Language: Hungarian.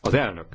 Az elnök.